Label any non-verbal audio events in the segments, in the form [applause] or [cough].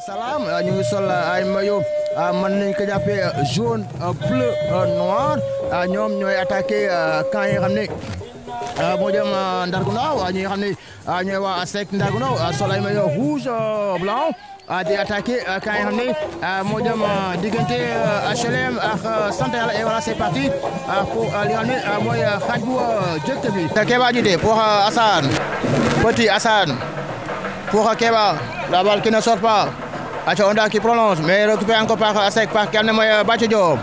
Salam, ah, nous sommes sol ah, ay maillot ah, mën nañ ko jàppee jaune bleu noir ñoom ñooy attaqué camp yi nga xam ne moo jëm Ndargu Ndaw ñi nga xam ne ñooy waa ASEC Mayo, maillot rouge blanc di attaqué quand yi nga xam ne moo jëm diggante HLM ak et voilà c'est parti pour li nga xam ne mooy xaaj bu jëkk Keba pour Assane Petit Assane pour Keba la balle qui ne sort pas Acha Honda qui prononce, mais récupéré encore par Asek, par Moya, Bache Diop.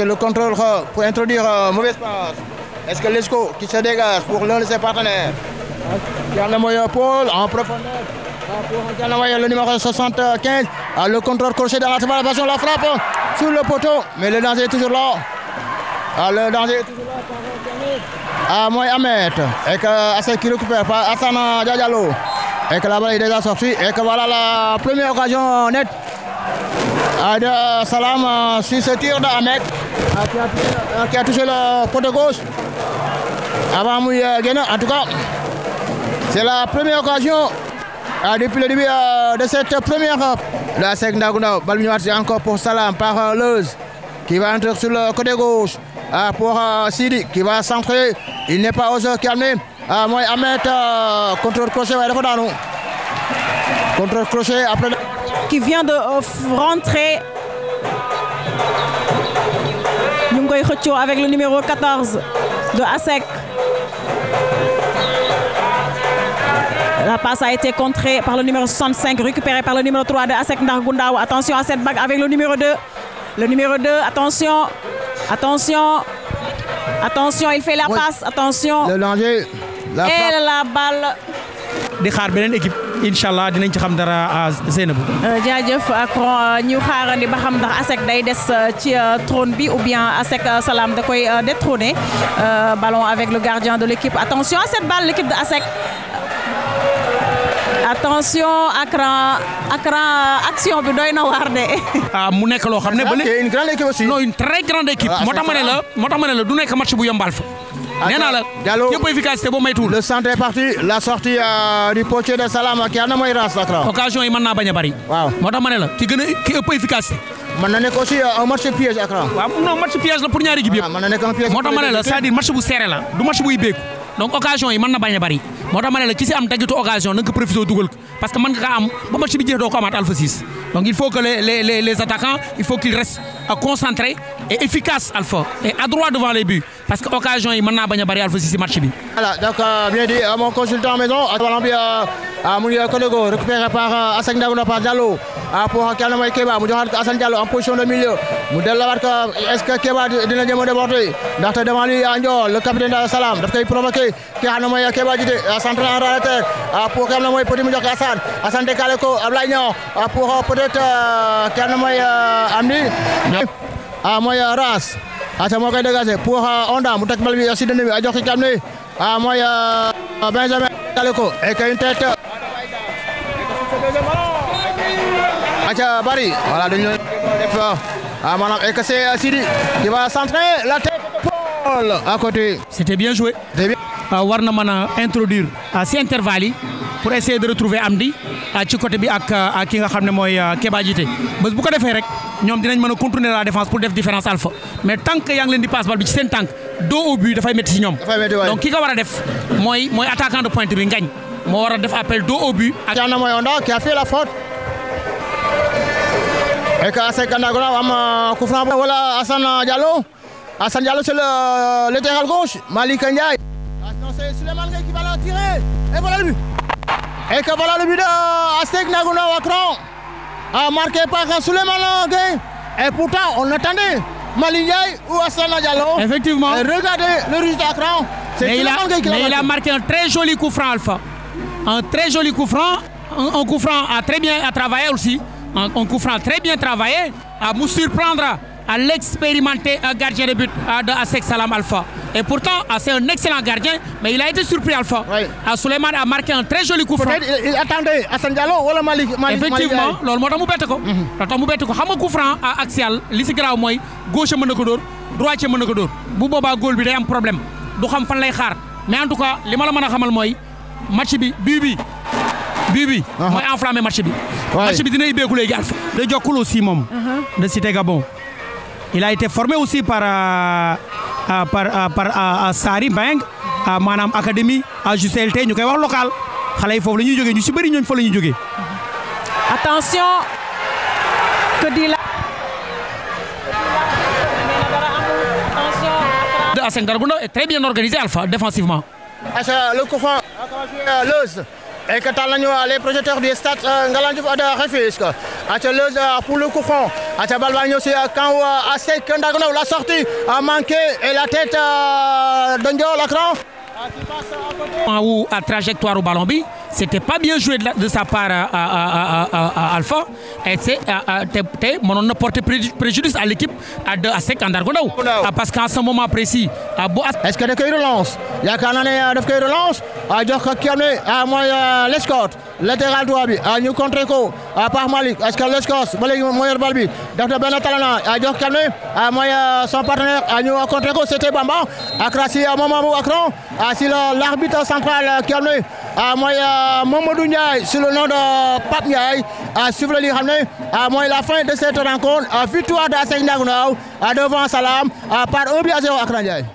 le contrôle euh, pour introduire euh, mauvais passe. Est-ce que Lesco qui se dégage pour l'un de ses partenaires Moya, Paul en profondeur. Pour le numéro 75, ah, le contrôle crochet dans la séparation, la frappe euh, sur le poteau, mais le danger est toujours là. Ah, le danger est toujours là par Moy Ahmed. Et que Asek qui récupère par Asana Djajalo. Et que bas il est déjà sortie. Et que voilà la première occasion nette. Aïda Salam euh, sur ce tir d'Ahmed euh, qui, a touché le euh, côté gauche avant Mouya En tout cas, c'est la première occasion depuis le début de cette première. La seconde Daguna, c'est encore pour Salam par Leuze qui va entrer sur le côté gauche pour Sidi qui va centrer. Il n'est pas osé calmer ah moi, Ahmed euh, contrôle crochet contrôle crochet après. qui vient de rentrer. avec le numéro 14 de ASEC. La passe a été contrée par le numéro 65, récupérée par le numéro 3 de ASEC Ndargundao. Attention à cette bague avec le numéro 2. Le numéro 2, attention, attention, attention, il fait la passe, attention. Le danger la et eh la balle. di xaar beneen équipe inshallah dinañ ci xam dara Seynabou. Ah, euh, jaajëf ak euh, ñu xaarandi ba xam ndax ASEC day dess euh, ci trône bi ou bien ASEC Salam da koy détrôner ballon avec le gardien de l'équipe attention à cette balle l'équipe de ASEC attention Akran Akran action bi doyna na de. [laughs] ah mu nek lo xam ba une grande équipe aussi. non une très grande équipe. motax mané la motax mané la du nek match bu yombal fa. nee naa la. Diallo yëpp boo maytuwul. le centre est parti la sortie euh, du potier de Salama ki ana mooy Ras Lakra. occasion yi mën naa bañ a bari. moo tax ma ki gën a ki ëpp efficacité. mën na nekk aussi euh, un match piège Accra. waaw non match piège la pour ñaari équipe yëpp. Ah, mën na nekk un moo tax ma ne la cest à bu serré la du match buy béeku donc occasion yi mën na bañ a bari moo tax ma ne la ki si am daggitu occasion na nga ko profité dugal ko parce que mën nga kaa am ba match bi jeex Donc il faut que les, les, les, les attaquants, il faut qu'ils restent concentrés et efficaces, Alpha, et adroits devant les buts. Parce que l'occasion est maintenant à barrer Alpha ici match. Voilà, donc euh, bien dit à euh, mon consultant maison, euh, à à, à Mounia Kolego, récupéré par euh, Hassan Dagouna par Diallo, à, euh, pour Kalama Keba, Mounia Hassan Diallo en position de milieu. Mounia est-ce que Keba de la de débordé D'accord, devant lui, Anjo, le capitaine de Salam, il provoqué, Kalama Keba, central en terre, pour Kalama Petit Mounia Hassan, Hassan Dekaleko, Ablagnon, pour peut-être kenn mooy euh, ah moi a mooy euh, raas aca ah, moo koy dégagé pour euh, Onda mu teg bal bi si dënd bi a jox ki kam ne a mooy Benjamin Galiko et que une tête aca bari voilà dañu def a ah, maanaam et que c'est Sidi qui va centrer la tête Paul à côté c'était bien joué c'était bien euh, warna na mën a introduire euh, si intervalle yi pour essayer de retrouver Amdi à euh, ci côté bi ak ak ki nga xamné moy mooy Keba Jité bu ko défé rek ñom dinañ mëna contourner la défense pour def différence alpha mais tant que yaa ngi leen di passe bal bi ci sen tank dos au but da fay métti ci ñom donc ki nga war def moy moy attaquant de pointe bi ngañ mo wara def appel dos au but. ak Thierno Moyonda qui a fait la faute. Et qu'Assek Andagona am coup franc. Voilà Hassan Diallo. Hassan Diallo c'est le latéral gauche. Malik Ndiaye et Suleiman qui va la tirer. Et voilà le but. Et que voilà le but d'Astek Naguna Wakran. A marqué par Suleiman Gueye Et pourtant, on attendait Malignay ou Aslan Diallo. Effectivement. Et regardez le résultat à cran. Mais, il a, qui mais il a marqué un très joli coup franc, Alpha. Un très joli coup franc. Un, coup franc à très bien à travailler aussi. Un, coup franc très bien travaillé. À vous surprendre à l'expérimenter gardien de but de Asek Salam Alpha. Et pourtant, ah, c'est un excellent gardien, mais il a été surpris Alpha. Oui. À ah, Suleiman a marqué un très joli coup franc. Il, il attendait Hassan Diallo ou Malik Malik Effectivement, lolu motax mu bett ko. Motax mhm. mu bett ko. Xam coup franc à axial li ci graw moy gauche mëna ko dor, droite mëna ko dor. Bu boba goal bi day am problème. Du xam fan lay xaar. Mais en tout cas, li ma la mëna xamal moy match bi bi bi bi ah. bi enflammé match bi. match bi dina ibbeeku gars. Alpha. da aussi moom. Uh-huh. de Cité Gabon. il a été formé aussi par. Euh, par par Bank manam Academy à JCLT ñu koy wax local xale yi foofu la ñuy bari ñu si bëri ñooñ fa la ñuy jógee. attention. Assane est très bien organisé Alpha défensivement. Le coffin Leuz et que tal les projecteurs du stade euh, Ngalandou Diouf Ada Rufisque. Leuz euh, pour le coffin c'est euh, quand euh, l'a sortie a manqué et la tête euh, de Lacran. Ou à trajectoire au ballon, c'était pas bien joué de, sa part à, Alpha. Et c'est on a porté préjudice à l'équipe à, à Sek ah, Parce qu'en ce moment précis, ah, Est-ce que le relance yaakaar naa ne euh, daf koy relance a euh, jox ko kenn a euh, mooy l'escorte latéral droit bi a ñu contré ko a malik, est-ce que l'escorte, ba léegi moo yor bal bi daf na benn talana a jox kenn a mooy son partenaire a ñu contré ko c'était Bamba ak Rassi Mamadou Akran a si l'arbitre central kenn a mooy Mamadou Ndiaye sur le nom de Pat Ndiaye a suivre li xam ne a mooy la fin de cette rencontre victoire d'ASC Ndiago devant Salam par part but à 0 Akran Ndiaye